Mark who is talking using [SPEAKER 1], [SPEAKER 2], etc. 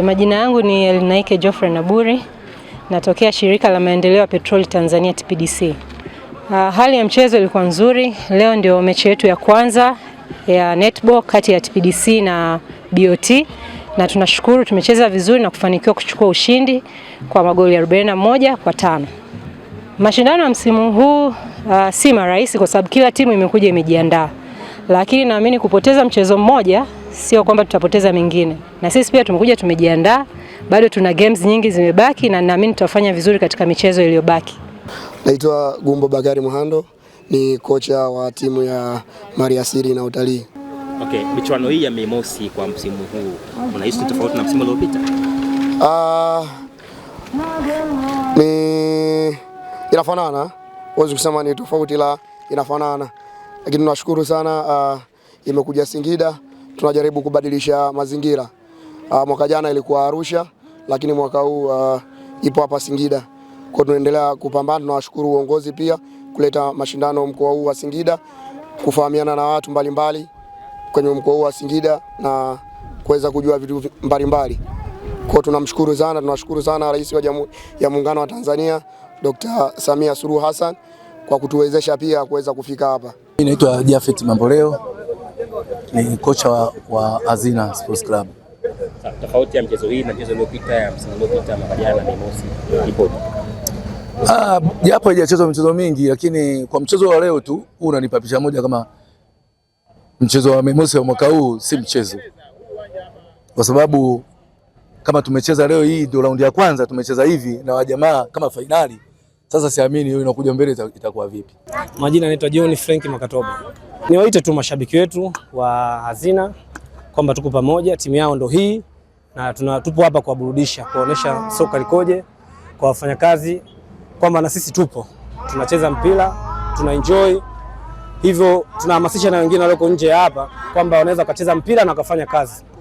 [SPEAKER 1] Majina yangu ni Elinaike Geoffrey Naburi, natokea shirika la maendeleo ya petroli Tanzania TPDC. Ah, hali ya mchezo ilikuwa nzuri leo, ndio mechi yetu ya kwanza ya netball kati ya TPDC na BOT na tunashukuru tumecheza vizuri na kufanikiwa kuchukua ushindi kwa magoli 41 kwa tano. Mashindano ya msimu huu uh, si marahisi kwa sababu kila timu imekuja imejiandaa, lakini naamini kupoteza mchezo mmoja sio kwamba tutapoteza mengine, na sisi pia tumekuja tumejiandaa, bado tuna games nyingi zimebaki, na naamini tutafanya vizuri katika michezo iliyobaki.
[SPEAKER 2] Naitwa Gumbo Bakari Muhando, ni kocha wa timu ya Maliasili na Utalii.
[SPEAKER 3] Okay, michuano hii ya Mei Mosi kwa msimu huu unahisi ni tofauti na msimu uliopita?
[SPEAKER 2] Uh, ni inafanana, huwezi kusema ni tofauti, la inafanana, lakini tunashukuru sana uh, imekuja Singida tunajaribu kubadilisha mazingira. Uh, mwaka jana ilikuwa Arusha, lakini mwaka huu uh, ipo hapa Singida. Kwa tunaendelea kupambana, tunawashukuru uongozi pia kuleta mashindano mkoa huu wa Singida, kufahamiana na watu mbalimbali mbali kwenye mkoa huu wa Singida na kuweza kujua vitu mbalimbali. Kwa tunamshukuru sana, tunashukuru sana Rais wa Jamhuri ya Muungano wa Tanzania Dr. Samia Suluhu Hassan kwa kutuwezesha pia kuweza kufika hapa.
[SPEAKER 4] Mimi naitwa Jafet Mamboleo ni kocha wa, wa Azina Sports Club.
[SPEAKER 3] Tofauti ya mchezo hii na mchezo uliopita ya msimu uliopita mwaka jana Mimosi ipo.
[SPEAKER 5] Ah, japo haijachezwa michezo mingi lakini kwa mchezo wa leo tu huu unanipa picha moja kama mchezo wa memosi wa mwaka huu si mchezo, kwa sababu kama tumecheza leo hii ndio raundi ya kwanza tumecheza hivi na wajamaa kama fainali. Sasa siamini hiyo inakuja mbele itakuwa vipi?
[SPEAKER 6] Majina, anaitwa John Frank Makatoba. Niwaite tu mashabiki wetu wa Hazina kwamba tuko pamoja, timu yao ndo hii na tuna, tupo hapa kuwaburudisha, kuonesha soka likoje kwa wafanyakazi, kwamba na sisi tupo tunacheza mpira tuna enjoy hivyo, tunahamasisha na wengine walioko nje hapa kwamba wanaweza wakacheza mpira na wakafanya kazi.